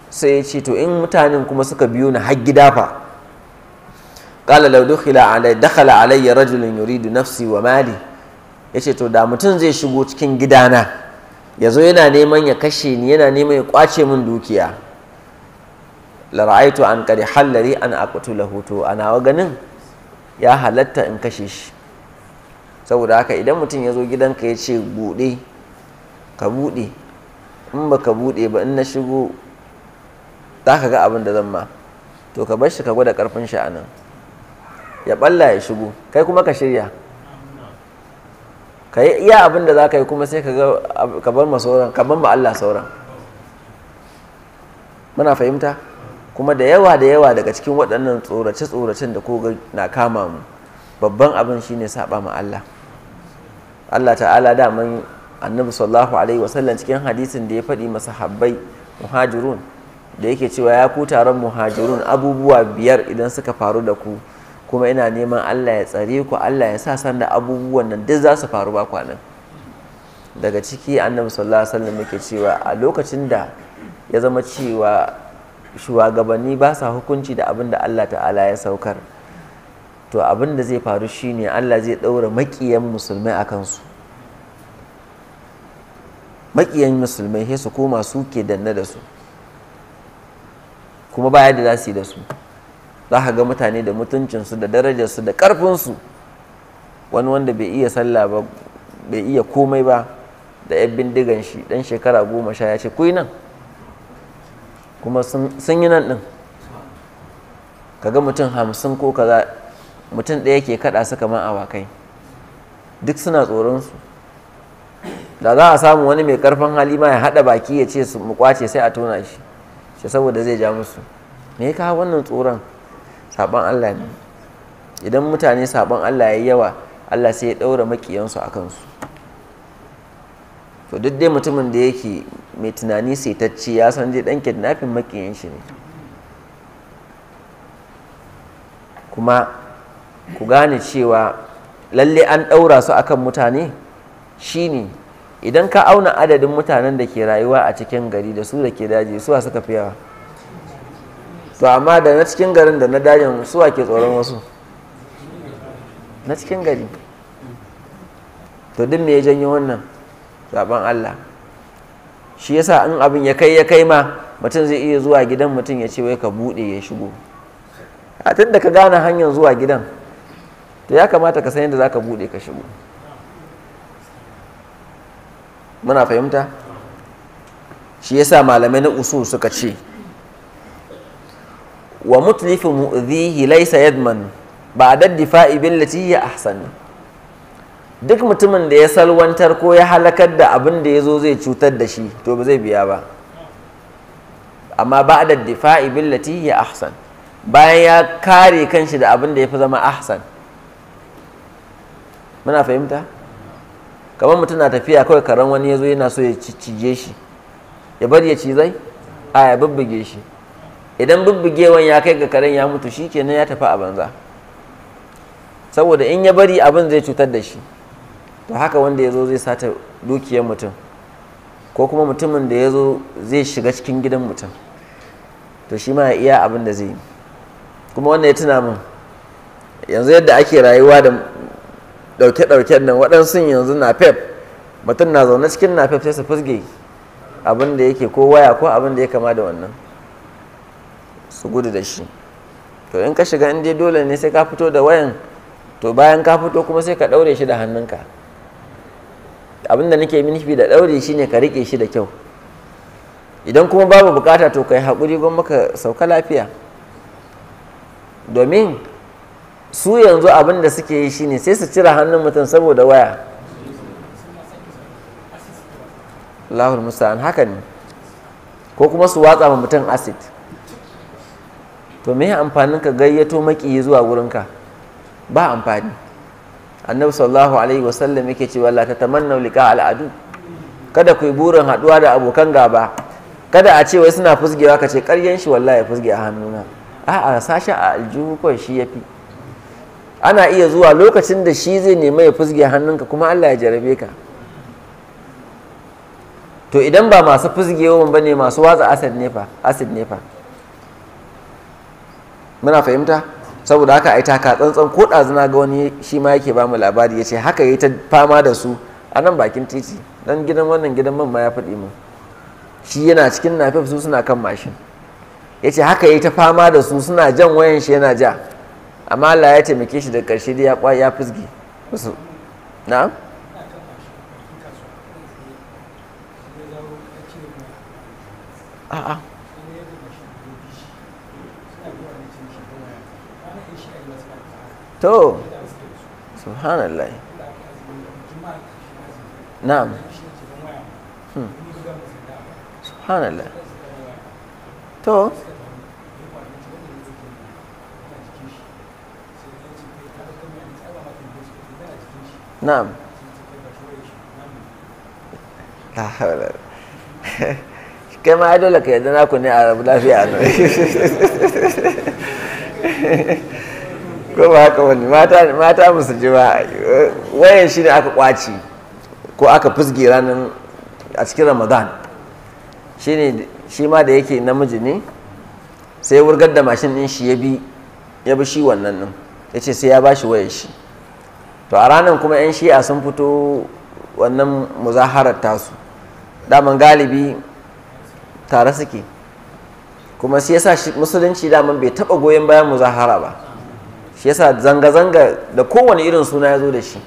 sai ya ce to in mutanen kuma suka biyo ni har gida fa qala law dukila alayya dakhala alayya rajulun yuridu nafsi wa mali yace to da mutum zai shigo cikin gidana zo yana neman ya kashe ni yana neman ya kwace min dukiya laraitu an kari hallari an aqtula hutu a nawa ganin ya halatta in kashe shi saboda haka idan mutum ya zo gidanka ya ce buɗe ka buɗe in ba ka buɗe ba in na shigo za ka ga abin da zan ma to ka bar shi ka gwada ƙarfin shi a nan ya ɓalla ya shigo kai kuma ka shirya ka yi iya abin da za ka yi kuma sai ka bar ma sauran ka bar ma Allah sauran muna fahimta kuma da yawa da yawa daga cikin waɗannan tsorace-tsoracen da koga na kama mu babban abin shine saba ma Allah Allah ta'ala daman annabi sallallahu alaihi wasallam cikin hadisin da ya faɗi masa habbai muhajirun da yake cewa ya ku taron muhajirun abubuwa biyar idan suka faru da ku kuma ina neman Allah ya tsare ku Allah ya sa san da abubuwan nan duk za su faru ba kwanan daga ciki annabi sallallahu alaihi wasallam yake cewa a lokacin da ya zama cewa shugabanni ba sa hukunci da abin da Allah ta'ala ya saukar to abin da zai faru shine Allah zai ɗaura maƙiyan musulmai a kansu maƙiyan musulmai sai su koma su ke danne da su kuma baya da za su yi da su za ka ga mutane da mutuncinsu da darajarsu da ƙarfinsu wani wanda bai iya sallah ba bai iya komai ba da 'yan bindigan shi dan shekara goma sha ya ce kuyi nan kuma sun yi nan ɗin kaga mutum hamsin ko kaza mutum ɗaya ke kaɗa su kamar awakai duk suna tsoronsu da za a samu wani mai karfin hali ma ya haɗa baki ya ce su kwace sai a tona shi shi saboda zai ja musu me ka wannan tsoron sabon Allah ne idan mutane saban Allah ya yi yawa Allah sai ya ɗaura makiyansu a kansu to duk dai mutumin da yake mai tunani saitacce ya san zai dan kidnapping makiyin shi ne kuma ku gane cewa lalle an ɗaura su akan mutane shine idan ka auna adadin mutanen da ke rayuwa a cikin gari da su da ke daji suwa suka fi yawa to amma da na cikin garin da na dajin suwa ke tsoron wasu na cikin gari to duk me ya janyo wannan saban Allah shi yasa in abin ya kai ya kai ma mutum zai iya zuwa gidan mutum ya ce wai ka buɗe ya shigo a tun da ka gane hanyar zuwa gidan to ya kamata ka san yadda za ka buɗe ka shigo muna fahimta shi yasa malamai na usul suka ce wa mutlifu mu'dhihi laysa yadman ba a da difa'i billati ya ahsanu duk mutumin da ya salwantar ko ya halakar da abin da ya zo zai cutar da shi to ba zai biya ba amma ba da difa'i billati ya ahsan bayan ya kare kanshi da abin da ya fi zama ahsan muna fahimta kamar mutum na tafiya kawai karan wani ya zo yana so ya cije shi ya bari ya cizai a ya bubbuge shi idan bubbugewan ya kai ga karen ya mutu shi kenan ya tafi a banza saboda in ya bari abin zai cutar da shi to haka wanda ya zo zai sata dukiyar mutum ko kuma mutumin da ya zo zai shiga cikin gidan mutum to shi ma ya iya abin da zai yi kuma wannan ya tuna min yanzu yadda ake rayuwa da ɗauke-ɗauken nan waɗansu yanzu na pep mutum na zaune cikin na pep sai su fusge abin da yake ko waya ko abin da ya kama da wannan su gudu da shi to in ka shiga in dole ne sai ka fito da wayan to bayan ka fito kuma sai ka ɗaure shi da hannunka abin da nake minifi da ɗaure shine ka riƙe shi da kyau idan kuma babu bukata to kai haƙuri gwamma ka sauka lafiya domin su yanzu abin da suke yi shine sai su cire hannun mutum saboda waya lahul musta'an haka ne ko kuma su watsa ma mutum acid to me amfanin ka gayyato maƙiyi zuwa wurinka ba amfani annabi sallallahu alaihi wasallam yake cewa la tatamannu liqa al'adu kada ku burin haduwa da abokan gaba kada a ce wai suna fusgewa ka ce karyan shi wallahi fusge a hannuna a'a sashi a aljuhu kawai shi yafi ana iya zuwa lokacin da shi zai nemi ya fusge hannunka kuma Allah ya jarabe ka to idan ba masu fusgewa ba ne masu watsa acid ne fa muna fahimta saboda haka ai taka tsantsan ko ɗazuna ga wani shi ma yake bamu labari ya ce haka yi ta fama da su a nan bakin titi dan gidan wannan gidan man ma ya faɗi mu shi yana cikin nafef su suna kan mashin ya ce haka yi ta fama da su suna jan wayan shi yana ja amma Allah ya taimake shi da ƙarshe da ya ya musu na'am a'a تو سبحان الله نعم سبحان الله تو نعم لا حول كما قالوا لك يا دناكم يا عرب لا في ko ba haka wani mata musu ji ba wayan shi ne aka kwaci ko aka fusge ranar a cikin ramadan shi ne shi ma da yake namiji ne sai wurgar da mashin din shi ya bi ya bi shi wannan din ya ce sai ya ba shi wayan shi to a ranar kuma 'yan shi'a sun fito wannan muzaharar tasu daman galibi tare suke kuma sai ya sa musulunci daman bai taba goyon bayan muzahara ba shi yasa zanga-zanga da kowane irin suna ya zo da shi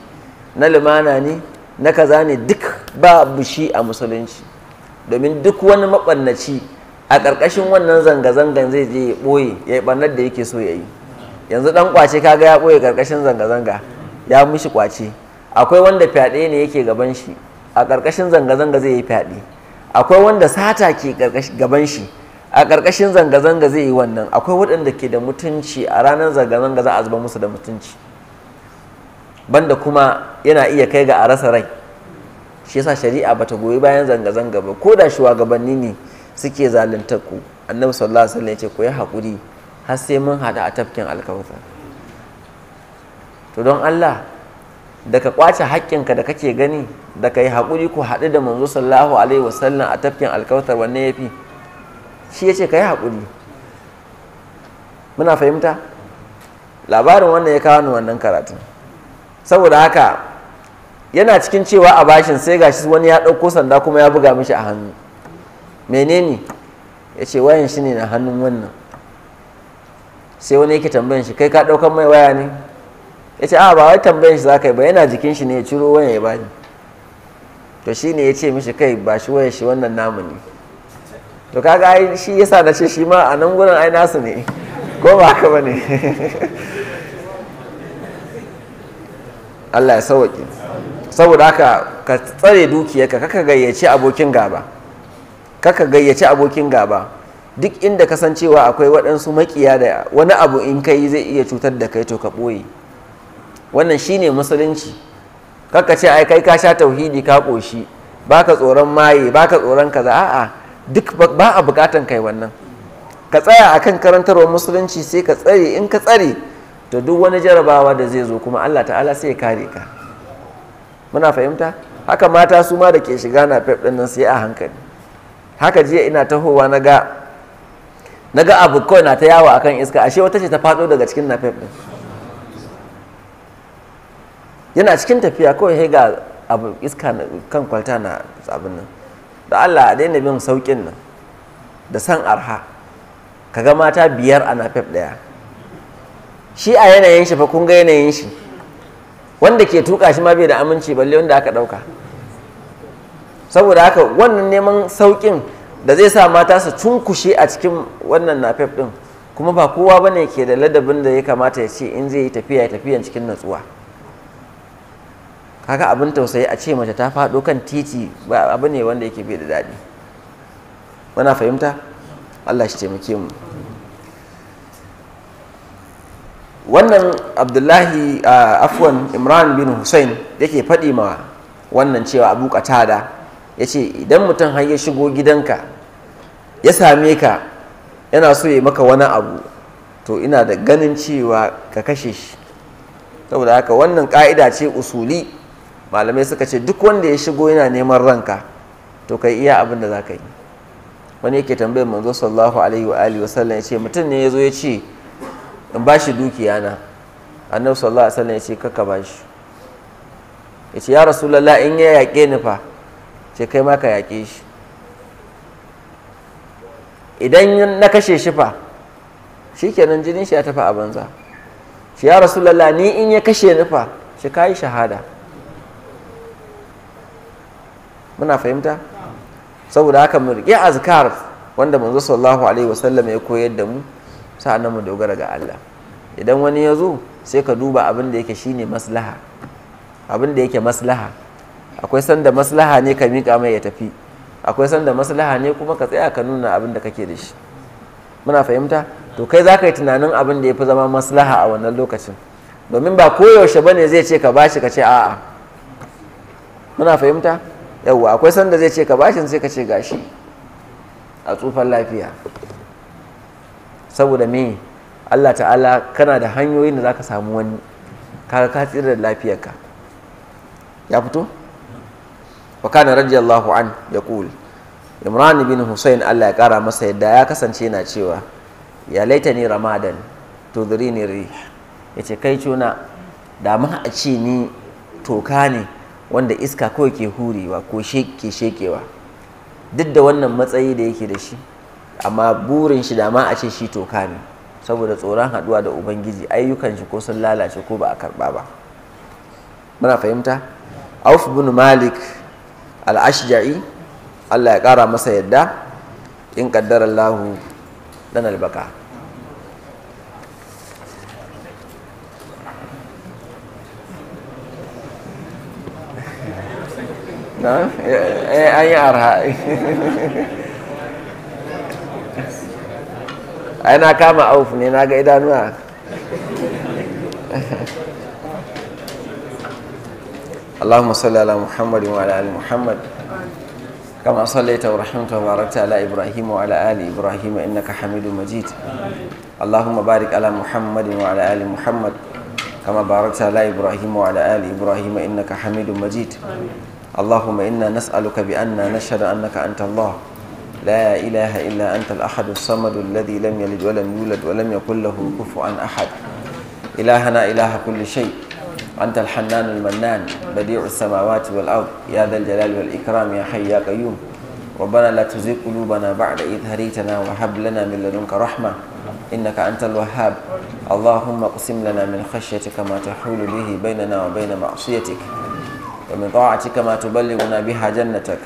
na lumana ne na kaza ne duk ba bushi a musulunci domin duk wani maɓannaci a ƙarƙashin wannan zanga-zangan zai je ya ɓoye ya yi ɓannar da yake so ya yi yanzu ɗan ƙwace kaga ya ɓoye ƙarƙashin zanga-zanga ya mushi ƙwace akwai wanda fyaɗe ne yake gaban shi a ƙarƙashin zanga-zanga zai yi fyaɗe akwai wanda sata ke gaban shi a ƙarƙashin zanga-zanga zai yi wannan akwai waɗanda ke da mutunci a ranar zanga-zanga za a zuba musu da mutunci banda kuma yana iya kai ga a rasa rai shi yasa shari'a bata goyi bayan zanga-zanga ba ko da shugabanni ne suke zaluntar ku annabi sallallahu alaihi wasallam ya ce ku yi hakuri har sai mun hada a tafkin alkawta to don Allah da ka kwace haƙƙinka da kake gani da ka yi haƙuri ku haɗu da manzo sallallahu alaihi wasallam a tafkin alkawtar wanne ya fi shi ya ce ka yi haƙuri muna fahimta labarin wannan ya kawo ni wannan karatun saboda haka yana cikin cewa a bashin sai gashi wani ya ɗauko sanda kuma ya buga mishi a hannu menene ya ce wayan shi ne na hannun wannan sai wani yake tambayan shi kai ka ɗaukan mai waya ne ya ce a ba wai tambayan shi za ka yi ba yana jikin shi ne ya ciro wayan ya bani to shi ne ya ce mishi kai ba shi wayan shi wannan namu ne to kaga ai shi yasa na ce shi ma a nan gurin ai nasu ne ko ba haka ba ne Allah ya sauwaƙe saboda haka ka tsare dukiyarka kaka gayyaci abokin gaba kaka gayyaci abokin gaba duk inda kasancewa akwai waɗansu makiya da wani abu in kai zai iya cutar da kai to ka ɓoye wannan shi ne musulunci kaka ce ai kai ka sha tauhidi ka ƙoshi baka tsoron maye baka tsoron kaza a'a duk ba a bukatan kai wannan ka tsaya a kan karantarwar musulunci sai ka tsare in ka tsare to duk wani jarabawa da zai zo kuma Allah ta'ala sai ya kare ka muna fahimta haka mata su ma da ke shiga na fef din nan sai a hankali haka jiya ina tahowa na ga abu kawai na ta yawo akan iska ashe wata ce ta faɗo daga cikin na fef din yana cikin tafiya kawai ga abu iska kan kwalta na abin da Allah a daina bin saukin nan da san arha kaga mata biyar a nafef daya shi a yanayin shi fa kun ga yanayin shi wanda ke tuka shi ma bai da aminci balle wanda aka dauka saboda haka wannan neman saukin da zai sa mata su cunkushe a cikin wannan nafef din kuma ba kowa bane ke da ladabin da ya kamata ya ce in zai yi tafiya tafiyan cikin natsuwa kaga abin tausayi a ce mace ta faɗo kan titi ba abu ne wanda yake bai da daɗi muna fahimta allah shi taimake mu wannan abdullahi a afwan imran bin hussein yake faɗi ma wannan cewa abu katada ya ce idan mutum har ya shigo gidanka ya same ka yana so ya maka wani abu to ina da ganin cewa ka kashe shi saboda haka wannan ƙa'ida ce usuli malamai suka ce duk wanda ya shigo yana neman ranka to kai iya abin da za ka yi wani yake tambayar manzo sallallahu alaihi wa alihi wasallam ya ce mutum ne ya zo ya ce in ba shi dukiya na annabi sallallahu alaihi wasallam ya ce kaka ba shi ya ce ya rasulullah in ya yaƙe ni fa ce kai ma ka yaƙe shi idan na kashe shi fa shikenan jinin shi ya tafi a banza shi ya rasulullah ni in ya kashe ni fa shi kai shahada muna fahimta saboda haka mu riƙe azkar wanda manzo sallallahu alaihi wasallam ya koyar da mu sa'annan mu dogara ga Allah idan wani ya zo sai ka duba abin da yake shine maslaha abin da yake maslaha akwai sanda maslaha ne ka miƙa mai ya tafi akwai sanda maslaha ne kuma ka tsaya ka nuna abin da kake da shi muna fahimta to kai za ka yi tunanin abin da ya fi zama maslaha a wannan lokacin domin ba koyaushe ba ne zai ce ka bashi ka ce a'a muna fahimta yawwa akwai sanda zai ce ka bashin sai ka ce gashi a tsufan lafiya saboda me Allah ta'ala kana da hanyoyin da za ka samu wani kaga ka tsira da lafiyarka ya fito wa kana radiyallahu an ya kul imran bin husayn Allah ya kara masa yadda ya kasance yana cewa ya laita ni ramadan tudrini ya yace kai cuna da a ce ni toka ne wanda iska kawai ke hurewa ko sheke shekewa duk da wannan matsayi da yake da shi amma burin shi dama a ce shi toka ne saboda tsoron haɗuwa da ubangiji ayyukan shi ko sun lalace ko ba a karɓa ba muna fahimta auf bin malik al-ashja'i allah ya ƙara masa yadda in ƙaddarar lahu dan albaka No, é, é Arha. Aí na cama, ouf, nem na gaida no ar. Allahumma salli ala Muhammad wa ala ali Kama sallaita wa rahmatu wa barakta Ibrahim wa ala ali Ibrahim innaka hamidu majid. Allahumma barik ala Muhammad wa ala ali Muhammad. Kama Ibrahim wa ala ali Ibrahim innaka hamidu اللهم إنا نسألك بأننا نشهد أنك أنت الله لا إله إلا أنت الأحد الصمد الذي لم يلد ولم يولد ولم يكن له كفوا أحد إلهنا إله كل شيء أنت الحنان المنان بديع السماوات والأرض يا ذا الجلال والإكرام يا حي يا قيوم ربنا لا تزغ قلوبنا بعد إذ هديتنا وهب لنا من لدنك رحمة إنك أنت الوهاب اللهم اقسم لنا من خشيتك ما تحول به بيننا وبين معصيتك ومن طاعتك ما تبلغنا بها جنتك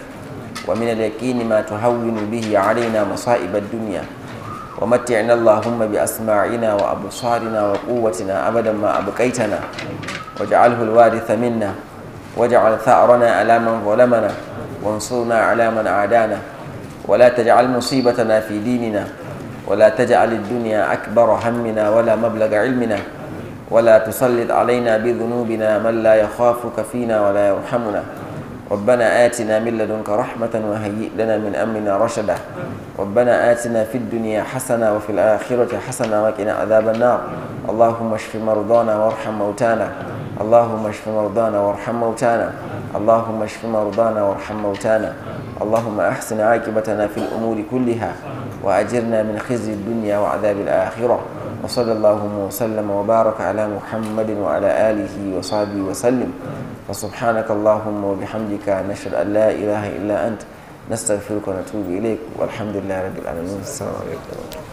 ومن اليقين ما تهون به علينا مصائب الدنيا ومتعنا اللهم بأسماعنا وأبصارنا وقوتنا أبدا ما أبقيتنا واجعله الوارث منا واجعل ثأرنا على من ظلمنا وانصرنا على من عادانا ولا تجعل مصيبتنا في ديننا ولا تجعل الدنيا أكبر همنا ولا مبلغ علمنا ولا تسلط علينا بذنوبنا من لا يخافك فينا ولا يرحمنا ربنا آتنا من لدنك رحمة وهيئ لنا من أمرنا رشدا ربنا آتنا في الدنيا حسنة وفي الآخرة حسنة وقنا عذاب النار اللهم اشف مرضانا وارحم موتانا اللهم اشف مرضانا وارحم موتانا اللهم اشف مرضانا وارحم موتانا اللهم أحسن عاقبتنا في الأمور كلها وأجرنا من خزي الدنيا وعذاب الآخرة وصلى اللهم وسلم وبارك على محمد وعلى آله وصحبه وسلم وسبحانك اللهم وبحمدك نشهد أن لا إله إلا أنت نستغفرك ونتوب إليك والحمد لله رب العالمين السلام عليكم